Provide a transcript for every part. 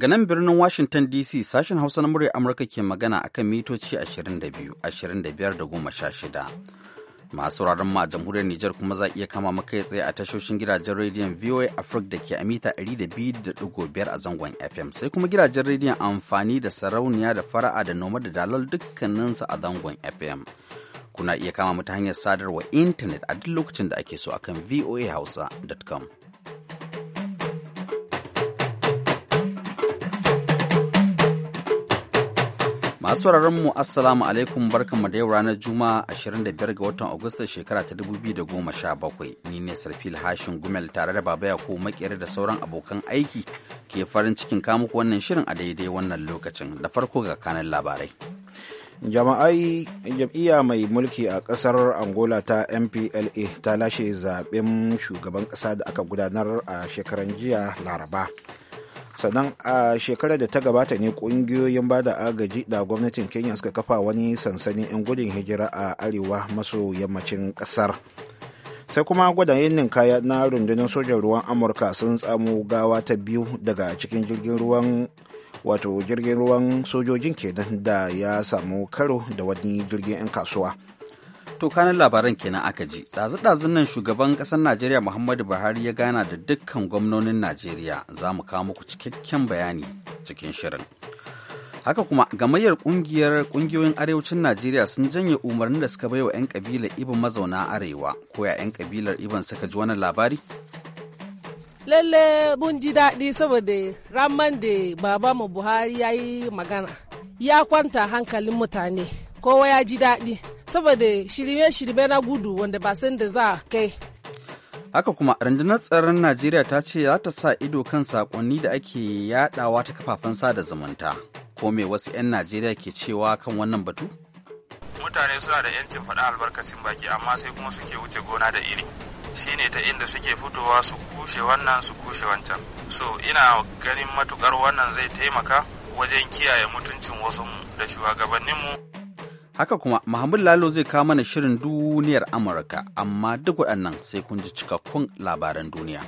Daga nan birnin Washington DC sashen Hausa na murya Amurka ke magana akan mitoci 22, 25 da shida Masu wuraren ma a jamhuriyar Nijar kuma za iya kama maka ya tsaye a tashoshin gidajen rediyon VOA Africa da ke a mita 200.5 a zangon FM sai kuma gidajen rediyon amfani da sarauniya da fara'a da noma da dalal dukkaninsa a zangon FM. Kuna iya kama mu hanyar sadarwa intanet a duk lokacin da ake so akan voahausa.com. Masu sauraron mu Assalamu alaikum barkanmu da yau ranar Juma'a 25 ga watan Agusta shekara ta 2017. Ni ne Sarfil Hashin Gumel tare da Baba ko Makere da sauran abokan aiki ke farin cikin kamuku wannan shirin a daidai wannan lokacin. Da farko ga kanan labarai. jama'ai jam'iyya mai mulki a kasar angola ta mpla ta lashe zaben shugaban kasa da aka gudanar a shekaran jiya laraba sannan a shekarar da ta gabata ne kungiyoyin ba da agaji da gwamnatin kenya suka kafa wani sansanin 'yan gudun hijira a arewa maso yammacin kasar sai kuma gwadayen ninkaya na rundunar sojan ruwan amurka sun tsamo gawa ta biyu daga cikin jirgin ruwan wato jirgin ruwan sojojin kenan da ya samu karo da wani jirgin 'yan kasuwa To kanan labaran kenan aka ji. Ɗazu-ɗazun nan shugaban ƙasar Najeriya Muhammadu Buhari ya gana da dukkan gwamnonin Najeriya za mu kawo muku cikakken bayani cikin shirin. Haka kuma gamayyar ƙungiyar ƙungiyoyin arewacin Najeriya sun janye umarnin da suka baiwa 'yan kabilar Ibin mazauna arewa ko ya 'yan ƙabilar Ibin suka ji wannan labari? Lalle mun ji daɗi saboda ramman da babamu Buhari ya yi magana ya kwanta hankalin mutane. kowa ya ji daɗi saboda shirye-shirye na gudu wanda ba san da za a kai haka kuma rundunar tsaron najeriya ta ce za ta sa ido kan sakonni da ake yadawa ta kafafen sada zumunta ko me wasu 'yan najeriya ke cewa kan wannan batu mutane suna da 'yancin faɗa albarkacin baki amma sai kuma suke wuce gona da iri shine ta inda suke fitowa su kushe wannan su kushe wancan so ina ganin matukar wannan zai taimaka wajen kiyaye mutuncin wasu da shugabanninmu Haka kuma Muhammad Lalo zai kawo mana shirin duniyar Amurka, amma duk waɗannan sai kun ji cikakkun labaran duniya.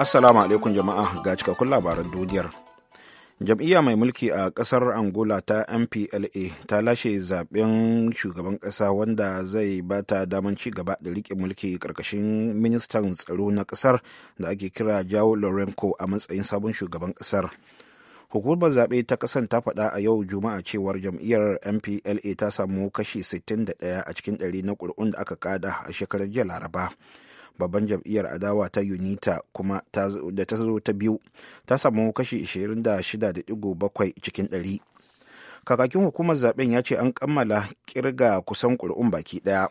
Assalamu alaikum jama'a ga cikakkun labaran duniyar. jam'iyya mai mulki a kasar angola ta mpla ta lashe zaben shugaban kasa wanda zai ba ta daman ci gaba da rike mulki karkashin ministan tsaro na kasar da ake kira jao lorenco a matsayin sabon shugaban kasar hukumar zaɓe ta kasan ta faɗa a yau juma'a cewar jam'iyyar mpla ta samu kashi 61 a cikin ɗari na ƙuri'un da aka kada a shekarar jiya laraba babban jam'iyyar adawa ta unita kuma da ta zo ta biyu ta samu kashi 26.7 cikin 100 kakakin hukumar zaben ya ce an kammala kirga kusan kur'un baki daya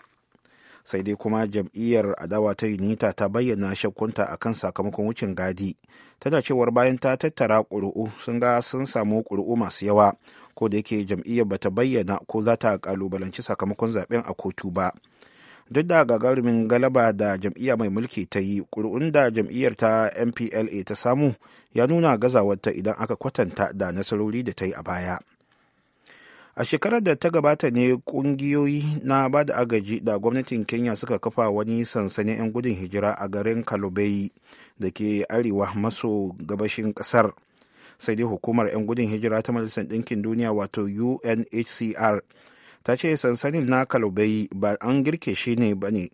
sai dai kuma jam'iyyar adawa ta unita ta bayyana shakkunta kan sakamakon wucin gadi tana cewar bayan ta tattara ƙuri'u sun ga sun samu ƙuri'u masu yawa ko da yake jam'iyyar bata bayyana ko za ta kalubalanci sakamakon zaben a kotu ba duk da gagarumin galaba da jam'iyya mai mulki ta yi ƙuri'un da jam'iyyar ta mpla ta samu ya nuna gazawarta idan aka kwatanta da nasarori da ta yi a baya a shekarar da ta gabata ne kungiyoyi na ba da agaji da gwamnatin kenya suka kafa wani sansanin 'yan gudun hijira a garin kalubai da ke arewa maso gabashin kasar sai dai hukumar 'yan gudun hijira ta majalisar ɗinkin duniya wato unhcr ta ce sansanin na kalubai ba an girke shi ne ba ne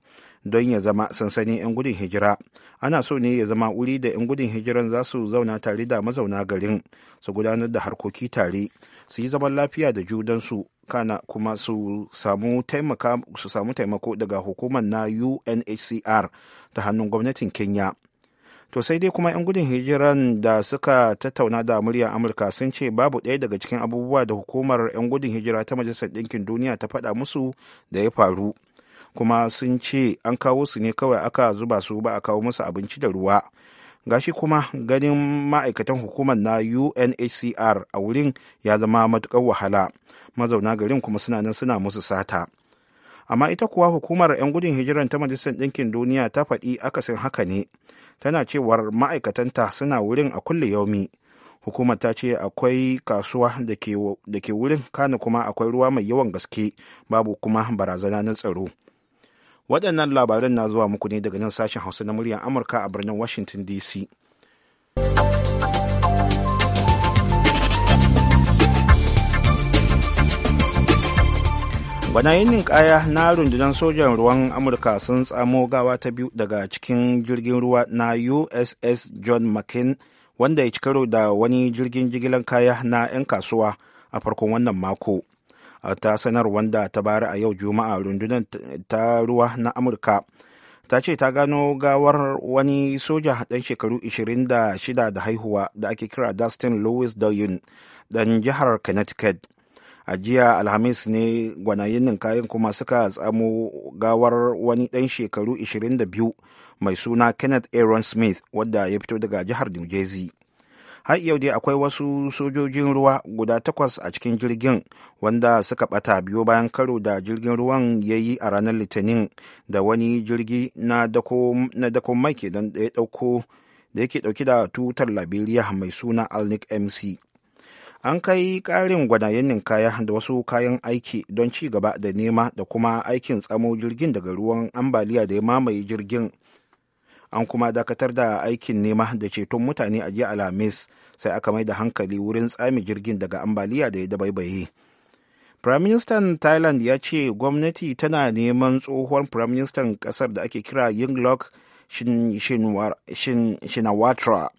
don ya zama sansanin 'yan gudun hijira ana so ne ya zama wuri da 'yan gudun hijiran za su zauna tare da mazauna garin su gudanar da harkoki tare su yi zaman lafiya da judansu kana kuma su samu taimako daga hukumar na unhcr ta hannun gwamnatin kenya to sai dai kuma 'yan gudun hijiran da suka tattauna da muryar amurka sun ce babu ɗaya daga cikin abubuwa da hukumar 'yan gudun hijira ta majalisar ɗinkin duniya ta faɗa musu da ya faru kuma sun ce an kawo su ne kawai aka zuba su ba a kawo musu abinci da ruwa gashi kuma ganin ma'aikatan hukumar na unhcr a wurin ya zama matukar wahala mazauna garin kuma suna nan suna musu sata amma ita kuwa hukumar 'yan gudun hijiran ta majalisar ɗinkin duniya ta faɗi akasin haka ne tana cewar ma'aikatanta suna wurin a kulle yaumi hukumar ta ce akwai kasuwa da ke wurin kana kuma akwai ruwa mai yawan gaske babu kuma barazana na tsaro waɗannan labaran na zuwa muku ne daga nan sashen hausa na muryar amurka a birnin washington dc bana yinin kaya na rundunar sojan ruwan amurka sun tsamo gawa ta biyu daga cikin jirgin ruwa na uss john mccain wanda ya ci karo da wani jirgin jigilan kaya na 'yan kasuwa a farkon wannan mako a ta sanar wanda ta bari a yau juma'a rundunar ta ruwa na amurka ta ce ta gano gawar wani soja dan shekaru 26 da haihuwa da ake kira dustin louis doyun dan jihar connecticut a jiya alhamis ne gwanayen kayan kuma suka tsamo gawar wani ɗan shekaru 22 mai suna kenneth aaron smith wadda ya fito daga jihar new jersey har yau dai akwai wasu sojojin ruwa guda takwas a cikin jirgin wanda suka bata biyo bayan karo da jirgin ruwan ya yi a ranar litinin da wani jirgi na dako mai ke da ya dauko da yake dauki da tutar liberia mai suna alnic mc an kai ƙarin gwanayen ninkaya da wasu kayan aiki don ci gaba da nema da kuma aikin tsamo jirgin daga ruwan ambaliya da ya mamaye jirgin an kuma dakatar da aikin nema da ceton mutane a jiya alhamis sai aka mai da hankali wurin tsami jirgin daga ambaliya da ya dabaibaye prime minister thailand ya ce gwamnati tana neman tsohon prime minister kasar da ake kira yinglok shinawatra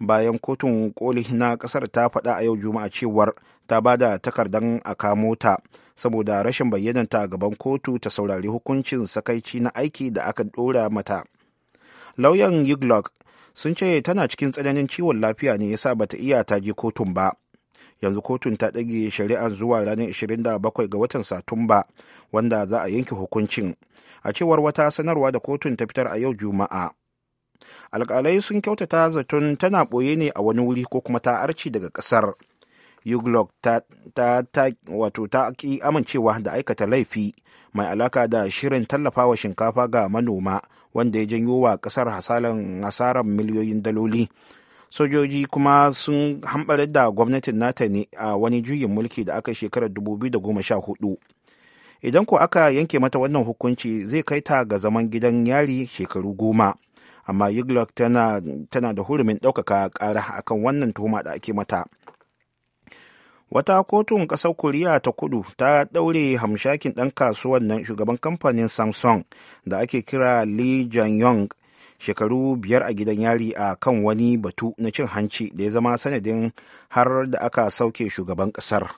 bayan kotun koli na kasar ta faɗa a yau juma'a cewar ta ba da takardan a kamo ta saboda rashin bayyananta a gaban kotu ta saurari hukuncin sakaici na aiki da aka ɗora mata lauyan yiglock sun ce tana cikin tsananin ciwon lafiya ne yasa bata iya ta je kotun ba yanzu kotun ta ɗage shari'ar zuwa ranar 27 ga watan satumba wanda za a yanke hukuncin a cewar wata sanarwa da kotun ta fitar a yau juma'a alkalai sun kyautata zaton tana ɓoye ne a wani wuri ko kuma ta arci daga ƙasar yuglok ta wato ta ƙi amincewa da aikata laifi mai alaka da shirin tallafawa shinkafa ga manoma wanda ya janyo wa ƙasar hasaran miliyoyin daloli sojoji kuma sun hambar da gwamnatin nata ne a wani juyin mulki da aka shekarar 2014 idan ko aka yanke mata wannan hukunci zai kai ta ga zaman gidan yari shekaru goma amma yiglock tana, tana da hurumin ɗaukaka ƙara akan wannan tuhuma da ake mata wata kotun ƙasar koriya ta kudu ta ɗaure hamshakin ɗan kasuwan nan shugaban kamfanin samsung da ake kira lee jong yong shekaru biyar a gidan yari a kan wani batu na cin hanci da ya zama sanadin har da aka sauke shugaban ƙasar.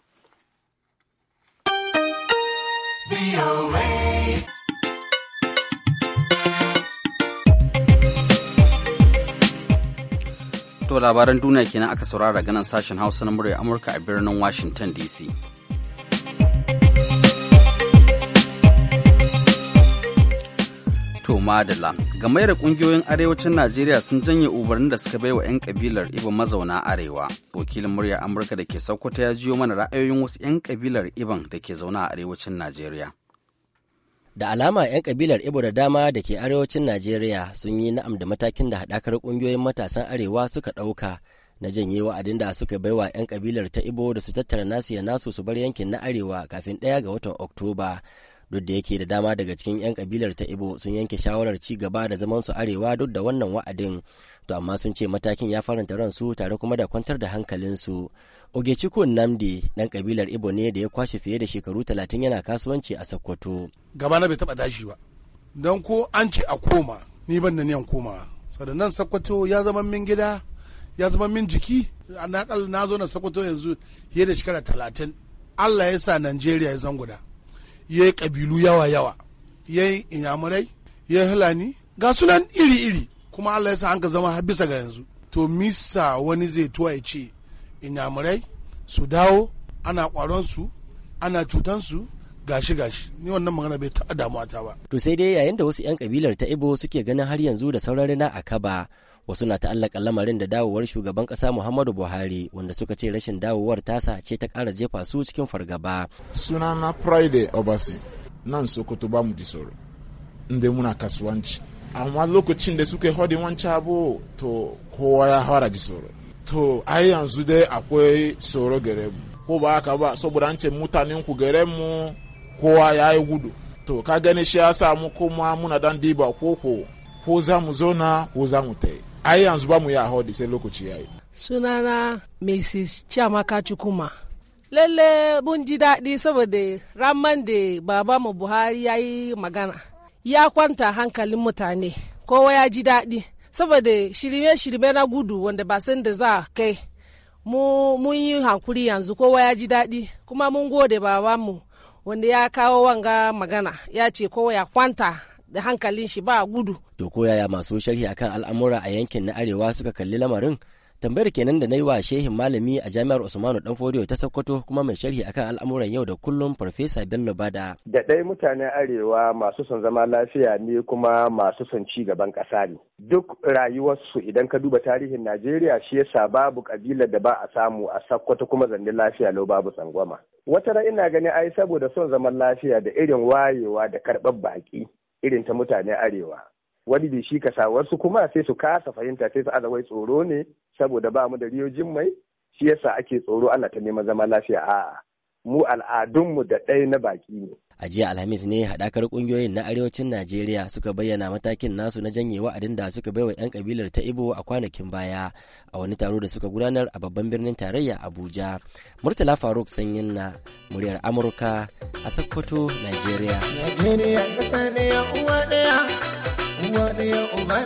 To labaran duniya kenan aka saurara ganin sashen Hausa na murya Amurka a birnin Washington DC. To madala, da kungiyoyin arewacin Najeriya sun janye ubarin da suka baiwa 'yan kabilar Ibo mazauna arewa. Wakilin murya Amurka da ke Sokoto ya jiyo mana ra'ayoyin wasu 'yan kabilar Iban da ke zauna a arewacin Najeriya. Da alama 'yan kabilar Ibo da dama da ke arewacin Najeriya sun yi na'am da matakin da haɗakar ƙungiyoyin matasan arewa suka ɗauka na janye wa'adin da suka baiwa 'yan kabilar ta Ibo da su tattara nasu ya nasu su bar yankin na arewa kafin ɗaya ga watan Oktoba. Duk da yake da dama daga cikin 'yan kabilar ta Ibo sun yanke shawarar ci gaba da zaman su arewa duk da wannan wa'adin, to amma sun ce matakin ya faranta ransu tare kuma da kwantar da hankalinsu. su. Ogechukwu Namdi ɗan kabilar Ibo ne da ya kwashe fiye da shekaru talatin yana kasuwanci a Sokoto. Gaba na bai taba dashi ba. Don ko an ce a koma, ni ban da niyan koma. Sadannan Sokoto ya zama min gida, ya zama min jiki. Na na zo na Sokoto yanzu fiye da shekara talatin. Allah ya sa Najeriya ya zanguda. Ya yi kabilu yawa-yawa. Ya yi inyamurai, ya yi hulani. Ga sunan iri-iri. Kuma Allah ya sa an ka zama bisa ga yanzu. To misa wani zai tuwa ya ce inyamurai su dawo ana kwaronsu ana cutansu gashi gashi ni wannan magana bai taɓa damuwa ta ba. To sai dai yayin da wasu 'yan kabilar ta Ibo suke ganin har yanzu da sauran na a kaba wasu na ta'allaka lamarin da dawowar shugaban ƙasa Muhammadu Buhari wanda suka ce rashin dawowar tasa ce ta ƙara jefa su cikin fargaba. Sunana Friday Obasi nan Sokoto ba mu disoro inda muna kasuwanci amma lokacin da suke hodin wancan abu to kowa ya hara disoro. to ai yanzu dai akwai tsoro gare mu ko ba haka ba saboda an ce mutanen ku gare mu kowa ya egwudo. gudu to ka gani shi ya samu kuma muna dan diba koko ko za mu zauna ko za mu tai ai yanzu ba mu yi a sai lokaci ya sunana mrs chiamaka chukwuma. lalle bụ ji daɗi saboda ramman da baba mu buhari ya yi magana ya kwanta hankalin mutane kowa ya ji daɗi saboda shirme-shirme na gudu wanda ba san da za a kai mun yi hankuri yanzu kowa ya ji daɗi kuma mun gode babanmu wanda ya kawo wanga magana ya ce kowa ya kwanta da hankalin shi ba gudu. To koyaya masu sharhi akan al'amura a yankin na arewa suka kalli lamarin tambayar kenan da na yi wa shehin malami a jami'ar usmanu danfodiyo ta sokoto kuma mai sharhi akan al'amuran yau da kullum farfesa bello bada da ɗaya mutanen arewa masu son zama lafiya ne kuma masu son ci gaban ƙasa ne duk rayuwarsu idan ka duba tarihin najeriya shi yasa babu ƙabilar da ba a samu a sokoto kuma zannin lafiya lau babu tsangwama wata ra ina gani ai saboda son zaman lafiya da irin wayewa da karɓar baƙi irin ta mutanen arewa wani bai shi kasa wasu kuma sai su kasa fahimta sai su azawai tsoro ne saboda ba mu da riyojin mai shi yasa ake tsoro Allah ta neman zama lafiya a'a mu al'adunmu da ɗaya na baki ne. A jiya Alhamis ne haɗakar ƙungiyoyin na arewacin Najeriya suka bayyana matakin nasu na janye wa'adin da suka wa 'yan kabilar ta Ibo a kwanakin baya a wani taro da suka gudanar a babban birnin tarayya Abuja. Murtala Faruk Sanyin na muryar Amurka a Sokoto, Najeriya. Najeriya ne ya uwa ɗaya uba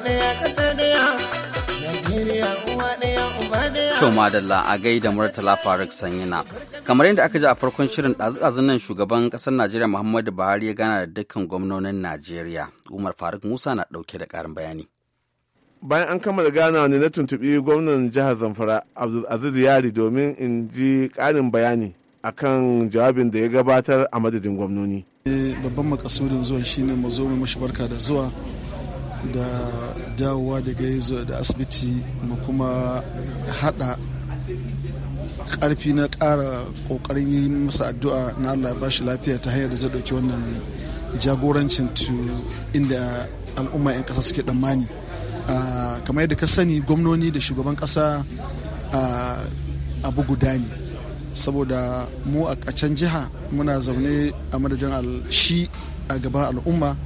madalla a gaida Murtala Faruk Sanyina. Kamar yadda aka ji a farkon shirin ɗazu nan shugaban ƙasar Najeriya Muhammadu Buhari ya gana da dukkan gwamnonin Najeriya. Umar Faruk Musa na ɗauke da ƙarin bayani. bayan an kammala gana ne na tuntuɓi gwamnan jihar zamfara abdul Aziz yari domin in ji ƙarin bayani akan jawabin da ya gabatar a madadin gwamnoni babban makasudin zuwan shine mu zo mu mashi barka da zuwa da dawowa daga da asibiti mu kuma hada karfi na kara ƙoƙarin yi masa addu'a na Allah ya bashi lafiya ta hanyar da zai ɗauki wannan jagorancin tu inda al'umma 'yan ƙasa suke tsammani kamar yadda ka sani gwamnoni da shugaban ƙasa abu guda ne saboda mu a can jiha muna zaune a madadin shi a gaban al'umma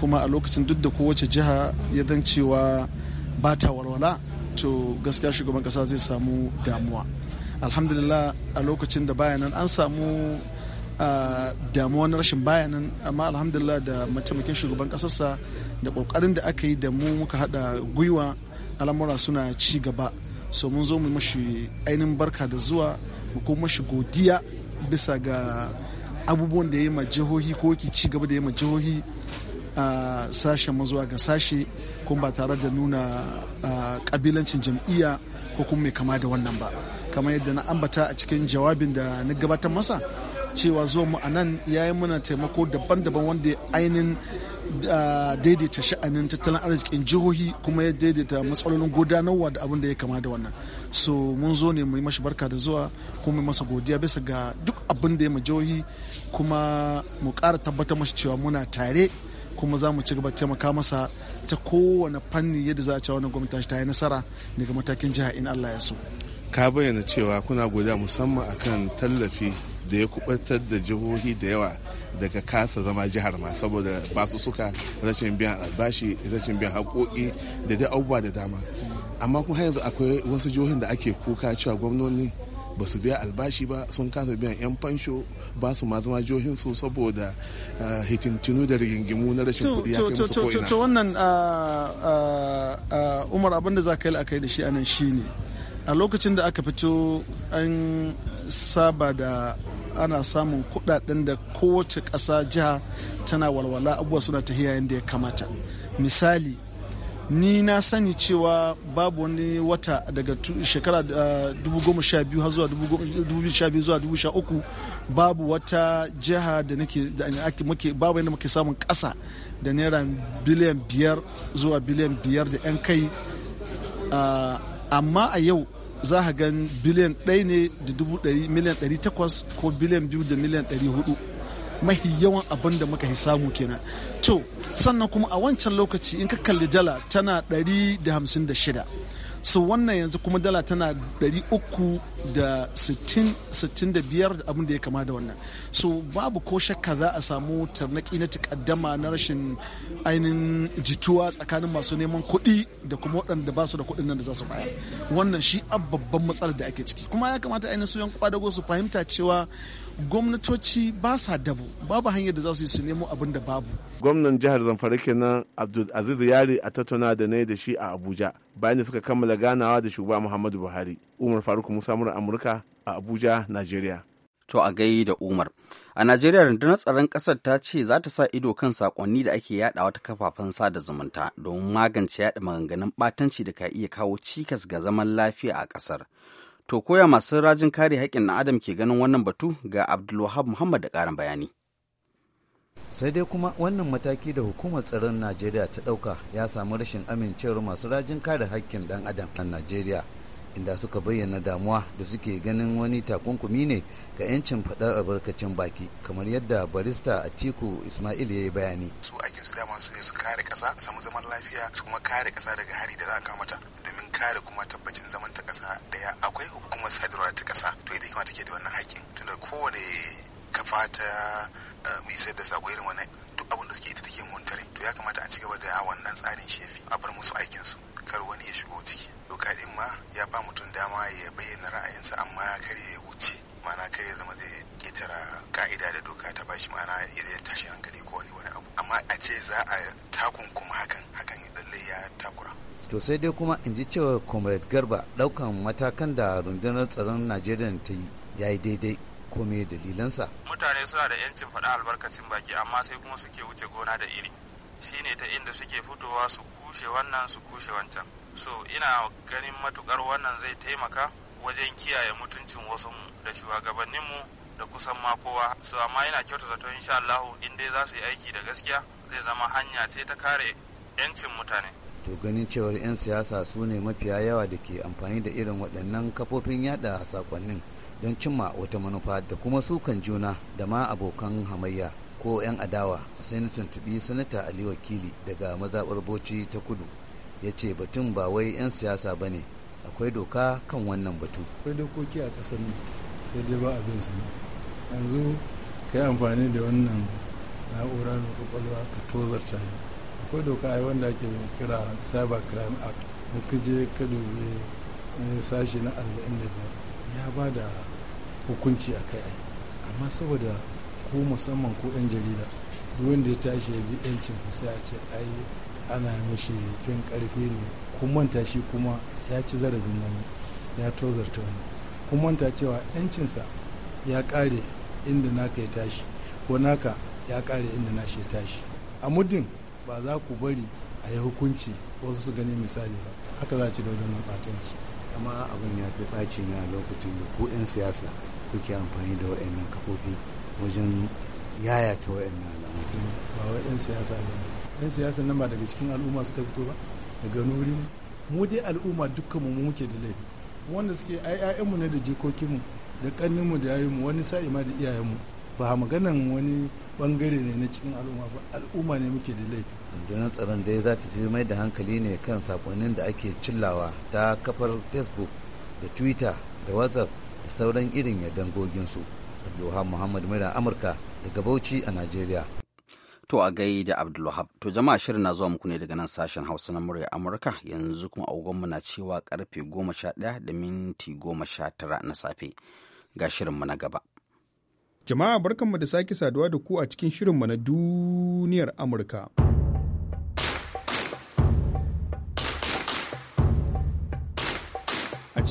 kuma a lokacin duk da kowace jiha ya dan cewa ba ta walwala to gaskiya shugaban kasa zai samu damuwa alhamdulillah a lokacin da bayanan an samu damuwa na rashin bayanan amma alhamdulillah da mataimakin shugaban kasarsa da kokarin da aka yi da mu muka hada gwiwa al'amura suna ci gaba so mun zo mu mashi ainihin barka da zuwa mu kuma mashi godiya bisa ga abubuwan da ya yi ma jihohi ko ci gaba da ya yi ma jihohi sashen mu zuwa ga sashe kuma ba tare da nuna kabilancin jam'iyya ko kuma mai kama da wannan ba kamar yadda na ambata a cikin jawabin da na gabatar masa cewa zo mu a nan ya yi mana taimako daban-daban wanda ainihin daidaita sha'anin tattalin arzikin jihohi kuma ya daidaita matsalolin gudanarwa da abin da ya kama da wannan so mun zo ne mu yi mashi barka da zuwa kuma masa godiya bisa ga duk abin da ya ma jihohi kuma mu ƙara tabbatar mashi cewa muna tare kuma za mu ci gaba taimaka masa ta kowane fanni yadda za a cewa wannan gwamnati ta yi nasara daga matakin jiha in Allah ya so. Ka bayyana cewa kuna godiya musamman akan tallafi da ya kubatar da jihohi da yawa daga kasa zama jihar ma saboda ba su suka rashin biyan albashi rashin biyan haƙoƙi da dai abubuwa da dama amma kuma yanzu akwai wasu jihohin da ake kuka cewa gwamnoni ba su biya albashi ba sun kasa biyan 'yan fansho ba su ma zama su saboda ah, hitintinu da rigingimu na rashin kuɗi ya kai musu ko'ina. To wannan ah, ah, Umar abin da za ka yi la'akari da shi anan shi ne a lokacin da aka fito an saba da ana samun kudaden da kowace ƙasa jiha tana walwala abubuwa suna tafiya da ya kamata misali ni na sani cewa babu wani wata daga shekara 2012 ah, zuwa 2012 zuwa 2013 babu wata jiha da nake da muke babu yadda muke samun ƙasa da naira biliyan biyar zuwa biliyan biyar da 'yan kai ah, amma a yau za a gan biliyan ɗaya ne da dubu ɗari miliyan ɗari takwas ko biliyan biyu da miliyan ɗari hudu mahi yawan abin da muka yi samu kenan to sannan kuma a wancan lokaci in ka kalli dala tana 156 so wannan yanzu kuma dala tana 300 da 65 da abin da ya kama da wannan so babu ko shakka za a samu tarnaki na takaddama na rashin ainihin jituwa tsakanin masu neman kuɗi da kuma waɗanda ba su da kuɗin nan da za su bayar wannan shi a babban matsalar da ake ciki kuma ya kamata ainihin su yan kwadago su fahimta cewa gwamnatoci ba sa dabo babu hanyar da za su yi su nemo abin da babu gwamnan jihar zamfara kenan abdul aziz yari a tattauna da ne da shi a abuja bayan da suka kammala ganawa da shugaba muhammadu buhari umar faruk musa mura amurka a abuja Najeriya. to a gai da umar a najeriya rundunar tsaron ƙasar ta ce za ta sa ido kan saƙonni da ake yaɗawa wata kafafen sada zumunta domin magance yaɗa maganganun ɓatanci da ka iya kawo cikas ga zaman lafiya a ƙasar to koya masu rajin kare haƙƙin na adam ke ganin wannan batu ga abdulwahab muhammad da ƙarin bayani sai dai kuma wannan mataki da hukumar tsaron najeriya ta ɗauka ya samu rashin amincewar masu rajin kare haƙƙin ɗan adam a najeriya inda suka bayyana damuwa da suke ganin wani takunkumi ne ga 'yancin faɗar albarkacin baki kamar yadda barista a atiku ismail ya yi bayani su ake su dama su ne su kare ƙasa samu zaman lafiya su kuma kare kasa daga hari da za a mata domin kare kuma tabbacin zaman ta ƙasa daya akwai hukumar sadarwa ta kasa to ita kuma take da wannan haƙƙin tunda kowane kafa ta eh, isar da sako irin wani duk abin da suke ita take montare to ya kamata a ci gaba da wannan tsarin shefi a bar musu aikinsu kar wani ya shigo ciki doka din ma ya ba mutum dama ya bayyana ra'ayinsa amma karye ya wuce ma'ana kar zama zai ƙetara ka'ida da doka ta bashi ma'ana ya zai tashi hankali ko wani wani abu amma a ce za a takun kuma hakan hakan lallai ya takura to sai dai kuma in ji cewa comrade garba ɗaukan matakan da rundunar tsaron najeriya ta yi ya yi daidai ko me dalilansa mutane suna da yancin faɗa albarkacin baki amma sai kuma suke wuce gona da iri shine ta inda suke fitowa su kushe wannan su kushe wancan so ina ganin matukar wannan zai taimaka wajen kiyaye mutuncin wasu da shugabanninmu da kusan ma kowa so amma yana kyauta zato insha Allah in dai za su yi aiki da gaskiya zai zama hanya ce ta kare yancin mutane to ganin cewar 'yan siyasa su ne mafiya yawa da ke amfani da irin waɗannan kafofin yada sakonnin don cimma wata manufa da kuma sukan juna da ma abokan hamayya ko 'yan adawa sai na tuntubi sanata ali wakili daga mazaɓar bauchi ta kudu ya ce batun ba wai 'yan siyasa ba ne akwai doka kan wannan batu akwai dokoki a kasar nan sai dai ba abin su yanzu ka yi amfani da wannan na'ura na kwakwalwa ka tozarta ne akwai doka yi wanda ake kira cyber crime act in ka je ka dubi sashi na biyar. ya ba da hukunci a kai amma saboda ko musamman ko 'yan jarida duk wanda ya tashi ya bi yancinsa sai a ce ai ana mishi fin karfi ne kun manta shi kuma ya ci zarafin wani ya tozarta wani kun manta cewa yancinsa ya kare inda naka ya tashi ko naka ya kare inda nashi ya tashi a muddin ba za ku bari a yi hukunci wasu su gani misali ba haka za ci da wajen batanci amma abin ya fi ɓaci na lokacin da ku 'yan siyasa kuke amfani da wa'annan kafofi wajen yaya ta wa'annan alamu ba wa'yan siyasa ba ne yan siyasa nan ba daga cikin al'umma suka fito ba daga nuri mu dai al'umma dukkan mu muke da laifi wanda suke ai mu ne da jikokinmu da mu da mu wani sa'i ma da iyayenmu ba maganan wani bangare ne na cikin al'umma ba al'umma ne muke da laifi dana tsaron dai za ta fi mai da hankali ne kan sakonnin da ake cillawa ta kafar facebook da twitter da whatsapp da sauran irin ya dangoginsu abdulhamu muhammad mai amurka daga bauchi a najeriya To a gai da Abdulwahab, to jama'a shirin na zuwa muku ne daga nan sashen Hausa na murya Amurka yanzu kuma agogonmu na cewa karfe goma sha ɗaya da minti goma sha tara na safe ga shirinmu na gaba. Jama'a barkanmu da sake saduwa da ku a cikin shirinmu na duniyar Amurka.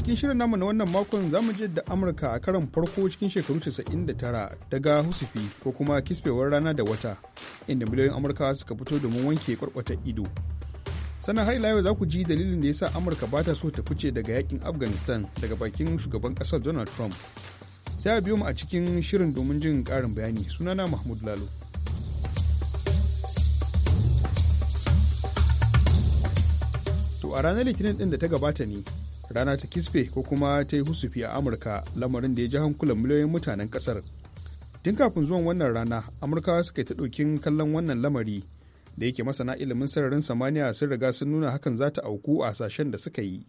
cikin shirin namu na wannan makon zamu je da Amurka a karan farko cikin shekaru 99 daga husufi ko kuma kisfewar rana da wata inda miliyoyin amurka suka fito domin wanke kwarkwata ido. sana har ila yau za ku ji dalilin da sa Amurka ba ta so ta fice daga yakin Afghanistan daga bakin shugaban kasar Donald Trump. Sai a biyo mu a cikin shirin domin jin karin bayani sunana Mahmud Lalo. To a ranar Litinin din da ta gabata ne rana ta kisfe ko kuma ta yi husufi a amurka lamarin da ya ji hankulan miliyoyin mutanen kasar tun kafin zuwan wannan rana amurkawa suka yi ta ɗokin kallon wannan lamari da yake masana ilimin sararin samaniya sun riga sun nuna hakan za ta auku a sashen da suka yi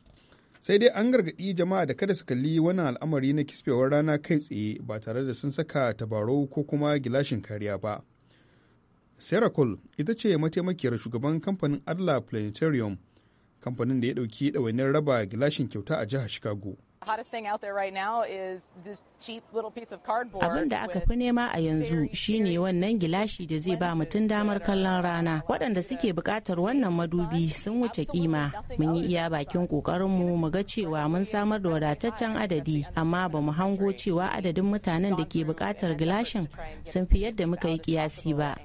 sai dai an gargaɗi jama'a da kada su kalli wannan al'amari na kisfewar rana kai tsaye ba tare da sun saka tabarau ko kuma gilashin kariya ba sarah ita ce mataimakiyar shugaban kamfanin adla planetarium kamfanin da ya ɗauki ɗawainiyar raba gilashin kyauta a jihar chicago Abin da aka fi nema a yanzu shine wannan gilashi da zai ba mutum damar kallon rana. Waɗanda suke buƙatar wannan madubi sun wuce kima. Mun yi iya bakin ƙoƙarinmu mu ga cewa mun samar da wadataccen adadi, amma ba mu hango cewa adadin mutanen da ke buƙatar gilashin sun fi yadda muka yi kiyasi ba.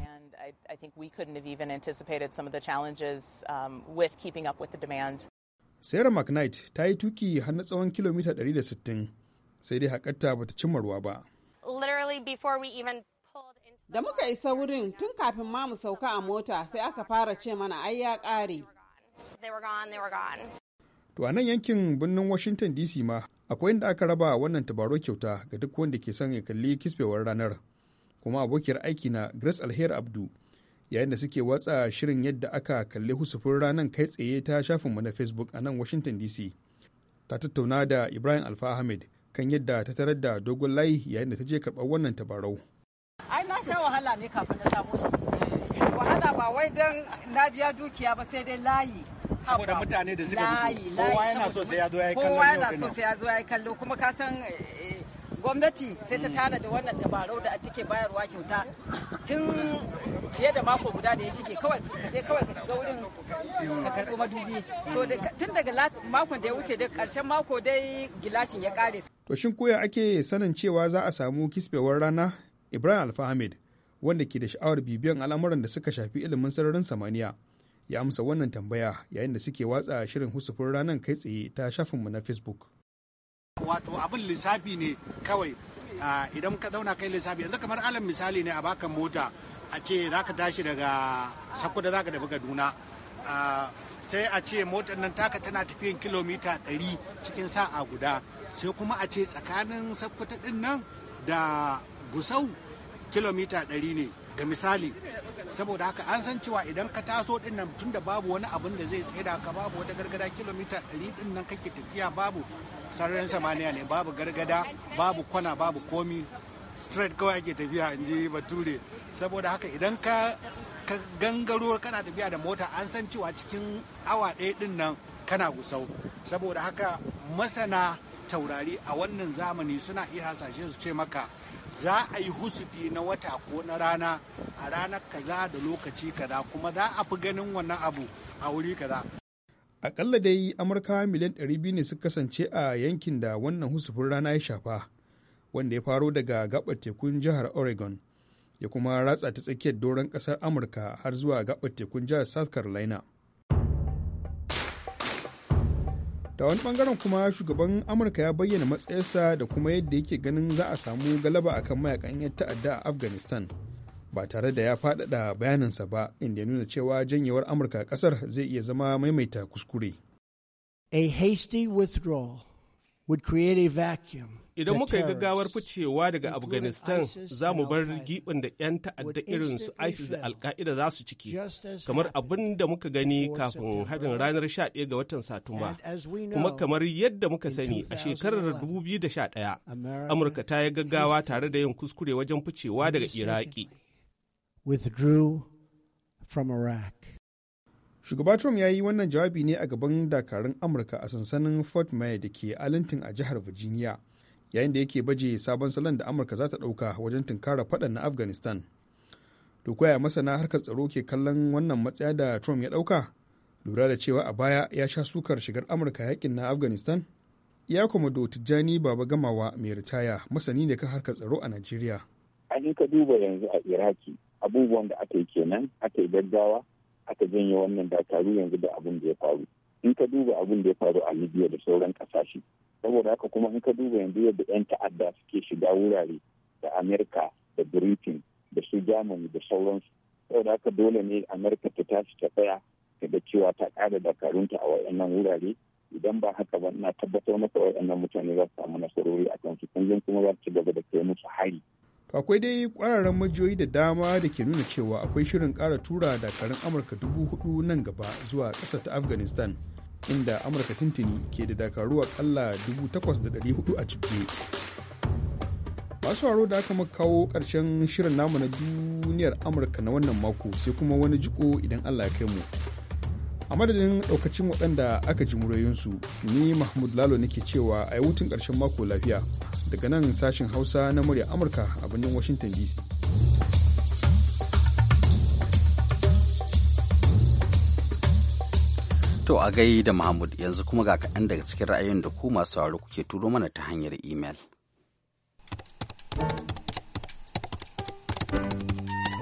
think we couldn't have even anticipated some of the challenges um, with keeping up with the demand. Sarah McKnight ta yi tuki har na tsawon kilomita 160 sai dai ba ta cimma ruwa ba. Literally before we even Da muka isa wurin tun kafin ma mu sauka a mota sai aka fara ce mana ai ya ƙare. To a nan yankin birnin Washington DC ma akwai inda aka raba wannan tabaro kyauta ga duk wanda ke son ya kalli kisbewar ranar. Kuma abokiyar aiki na Grace Alher Abdu yayin da suke watsa shirin yadda aka kalli husufin ranar kai tsaye ta shafinmu na facebook a nan washington dc ta tattauna da ibrahim alfa ahmed kan yadda ta tarar da dogon layi yayin da ta je karɓar wannan tabarau ai na sha wahala ne kafin na samu su wahala ba wai don na biya dukiya ba sai dai layi saboda mutane da suka kowa yi kowa yana so sai ya zo ya yi kallo kuma ka san eh, eh, gwamnati sai ta tana da wannan tabarau da take bayarwa kyauta tun fiye da mako guda da ya shige kawai ka je kawai ka shiga wurin ka karɓi madubi to tun daga makon da ya wuce da ƙarshen mako dai gilashin ya ƙare. to shin koya ake sanin cewa za a samu kisbewar rana ibrahim alfahamid wanda ke da sha'awar bibiyan al'amuran da suka shafi ilimin sararin samaniya ya amsa wannan tambaya yayin da suke watsa shirin husufin ranar kai tsaye ta shafinmu na facebook wato abin lissafi ne kawai idan ka zauna kai lissafi yanzu kamar alam misali ne a baka mota a ce za ka tashi daga sakkuda za ka tafi kaduna sai a ce motar nan taka tana tafiyan kilomita 100 cikin sa'a guda sai kuma a ce tsakanin sakkuta din nan da gusau kilomita 100 ne da misali saboda haka an san cewa idan ka taso din nan da babu wani abin da zai da ka babu wata gargada kilomita 100 din nan kake tafiya babu sararin samaniya ne babu gargada babu kwana babu komi straight kawai ake tafiya in ji bature saboda haka idan ka ka gangaro kana tafiya da mota an san cewa cikin awa ɗaya din nan kana gusau saboda haka masana taurari a wannan zamani suna iya hasashe su ce maka za a yi husufi na wata ko na rana a ranar kaza da lokaci kaza kuma za a fi ganin wannan abu a wuri kaza. Akalla dai Amurka miliyan 200 ne suka kasance a yankin da wannan husufin rana ya shafa, wanda ya faro daga gabar tekun jihar Oregon, ya kuma ratsa ta tsakiyar doron ƙasar Amurka har zuwa gabar tekun jihar South Carolina. da wani bangaren kuma shugaban amurka ya bayyana matsayarsa da kuma yadda yake ganin za a samu galaba akan mayakan yan ta'adda a afghanistan ba tare da ya faɗaɗa bayaninsa ba inda ya nuna cewa janyewar amurka ƙasar zai iya zama maimaita kuskure a hasty withdrawal would create a vacuum. Idan muka yi gaggawar ficewa daga Afghanistan za mu bar gibin da 'yan ta'adda irin su ISIS da al qaeda za su ciki, kamar abin da muka gani kafin haɗin ranar 11 ga watan Satumba. Kuma kamar yadda muka sani a shekarar 2011, Amurka ta yi gaggawa tare da yin kuskure wajen ficewa daga Iraki. shugaba trump ya yi wannan jawabi ne a gaban dakarun amurka a sansanin fort mayer da ke alintin a jihar virginia yayin da yake baje sabon salon da amurka za ta ɗauka wajen tunkara faɗan na afghanistan to koya masana harkar tsaro ke kallon wannan matsaya da trump ya ɗauka lura da cewa a baya ya sha sukar shigar amurka yakin na afghanistan ya komodo tijjani baba gamawa mai ritaya masani ne kan harkar tsaro a najeriya an ka duba yanzu a iraki abubuwan da aka yi kenan aka yi gaggawa aka janye wannan dakaru yanzu da abin da ya faru in ka duba abin da ya faru a libya da sauran kasashe saboda haka kuma in ka duba yanzu yadda 'yan ta'adda suke shiga wurare da amerika da britain da su germany da sauransu saboda haka dole ne amerika ta tashi ta tsaya ta ga cewa ta ƙara dakarunta a wayannan wurare idan ba haka ba ina tabbatar maka wayannan mutane za su samu nasarori a kan su kuma za su ci gaba da kai musu hari akwai dai kwararren majiyoyi da dama da ke nuna cewa akwai shirin kara tura dakarun amurka dubu hudu nan gaba zuwa ƙasa ta afghanistan inda amurka tintini ke da dakaru akalla hudu a cibge masu haro da aka kawo karshen shirin namu na duniyar amurka na wannan mako sai kuma wani jiko idan allah ya kai mu a madadin ɗaukacin waɗanda aka ji murayinsu ni mahmud lalo nake cewa a yi hutun ƙarshen mako lafiya daga nan sashen hausa na murya amurka a birnin washington dc to a gai da mahmud yanzu kuma ga kaɗan daga cikin ra'ayin da ku masu sauraro kuke turo mana ta hanyar imel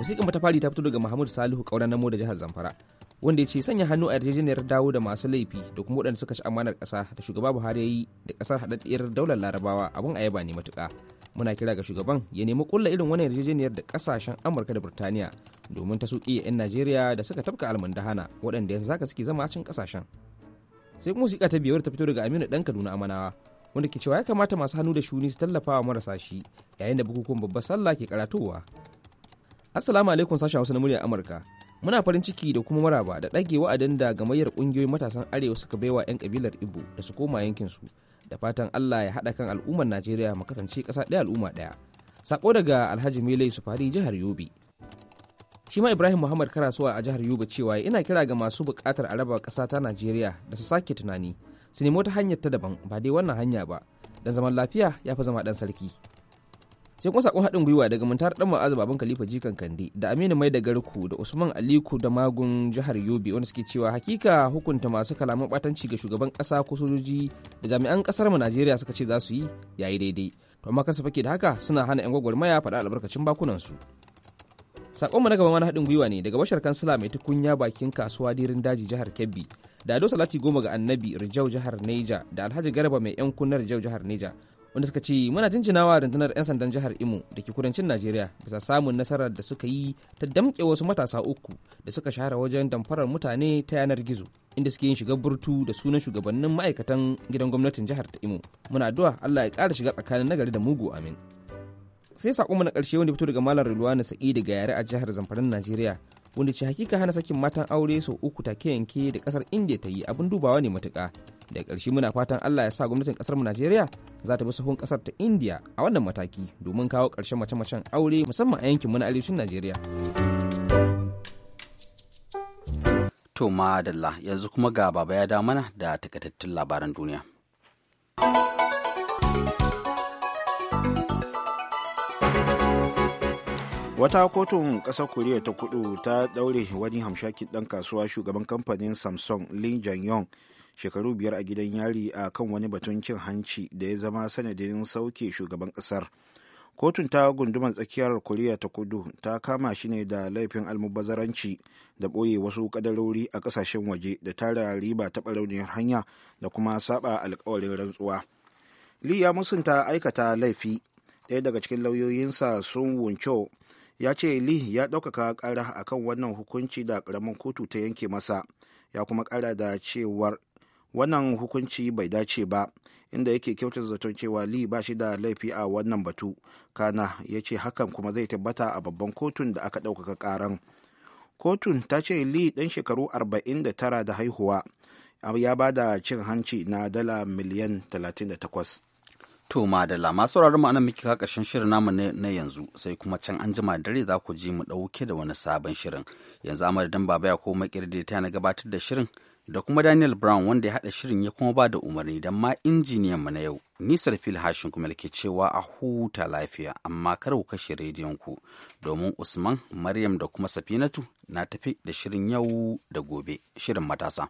wasiƙin ta fari ta fito daga mahmud salihu kauran namo da jihar zamfara wanda ya ce sanya hannu a yarjejeniyar dawo da masu laifi da kuma waɗanda suka ci amanar ƙasa da shugaba buhari ya yi da ƙasar haɗaɗɗiyar daular larabawa abin a yaba ne matuƙa muna kira ga shugaban ya nemi ƙulla irin wannan yarjejeniyar da ƙasashen amurka da burtaniya domin ta suƙi 'yan najeriya da suka tafka almundahana waɗanda yanzu zaka suke zama a cikin ƙasashen sai kuma ta biyar ta fito daga aminu ɗan kaduna amanawa wanda ke cewa ya kamata masu hannu da shuni su tallafa wa marasa shi yayin da bukukuwan babbar sallah ke karatowa assalamu alaikum sashen hausa na muryar amurka muna farin ciki da kuma maraba da ɗage wa'adin da gamayyar ƙungiyoyin matasan arewa suka bai wa 'yan kabilar ibo da su koma yankinsu da fatan allah ya haɗa kan al'ummar najeriya mu kasance ƙasa ɗaya al'umma ɗaya sako daga alhaji mele fari jihar yobe shi ma ibrahim muhammad karasuwa a jihar yobe cewa ina kira ga masu buƙatar a raba ƙasa ta najeriya da su sake tunani su nemi wata hanyar ta daban ba dai wannan hanya ba dan zaman lafiya ya fi zama ɗan sarki sai kuma sakon haɗin gwiwa daga muntar dan ma'azu baban khalifa jikan kande da aminu mai da garku da usman aliku da magun jihar yobe wanda suke cewa hakika hukunta masu kalaman batanci ga shugaban ƙasa ko sojoji da jami'an ƙasar mu najeriya suka ce za su yi yayi daidai to amma kasa fake da haka suna hana yan gwagwarmaya faɗa albarkacin bakunan su sakonmu na gaba mana haɗin gwiwa ne daga bashar kansila mai tukunya bakin kasuwa dirin daji jihar kebbi da ado salati goma ga annabi rijau jihar neja da alhaji garba mai yan kunnar rijau jihar neja wanda suka ce muna jinjinawa rundunar 'yan sandan jihar imo da ke kudancin najeriya bisa samun nasarar da suka yi ta damƙe wasu matasa uku da suka shahara wajen damfarar mutane ta yanar gizo inda suke yin shiga burtu da sunan shugabannin ma'aikatan gidan gwamnatin jihar ta imo muna addu'a allah ya ƙara shiga tsakanin nagari da mugu amin sai sakonmu na ƙarshe wanda fito daga malam na sa'i daga yare a jihar zamfaran najeriya wanda ce hakika hana sakin matan aure sau uku take yanke da kasar india ta yi abin dubawa ne matuka da ƙarshe muna fatan allah ya sa gwamnatin kasar mu najeriya za ta bi sahun kasar ta india a wannan mataki domin kawo ƙarshen mace-macen aure musamman a yankin na arewacin najeriya to madalla yanzu kuma ga baba ya da mana da takaitattun labaran duniya wata kotun ƙasar koriya ta kudu ta ɗaure wani hamshakin ɗan kasuwa shugaban kamfanin samsung lin yong shekaru biyar a gidan yari a kan wani batun cin hanci da ya zama sanadin sauke shugaban ƙasar kotun ta gundumar tsakiyar koriya ta kudu ta kama shi ne da laifin almubazaranci da ɓoye wasu kadarori a ƙasashen waje da tara riba ta ɓarauniyar hanya da kuma saba alkawarin rantsuwa li ya musunta aikata laifi ɗaya daga cikin lauyoyinsa sun wunco ya ce lee ya ɗaukaka ƙara a kan wannan hukunci da ƙaramin kotu ta yanke masa ya kuma ƙara da cewar wannan hukunci bai dace ba inda yake kyautar zaton cewa lee ba shi da laifi a wannan batu kana ya ce hakan kuma zai tabbata a babban kotun da aka ɗaukaka ƙaran kotun ta ce lee ɗan shekaru 49 da haihuwa ya ba da cin hanci na dala miliyan 38 To da lama sauraron ma'ana muke ka karshen shirin namu na yanzu sai kuma can an jima dare za ku ji mu ɗauke da wani sabon shirin. Yanzu amadadin baba ya ko makirde ta na gabatar da shirin da kuma Daniel Brown wanda ya haɗa shirin ya kuma ba da umarni don ma injiniyan mu na yau. Nisar fil hashin kuma ke cewa a huta lafiya amma kar ku kashe rediyon ku domin Usman, Maryam da kuma Safinatu na tafi da shirin yau da gobe shirin matasa.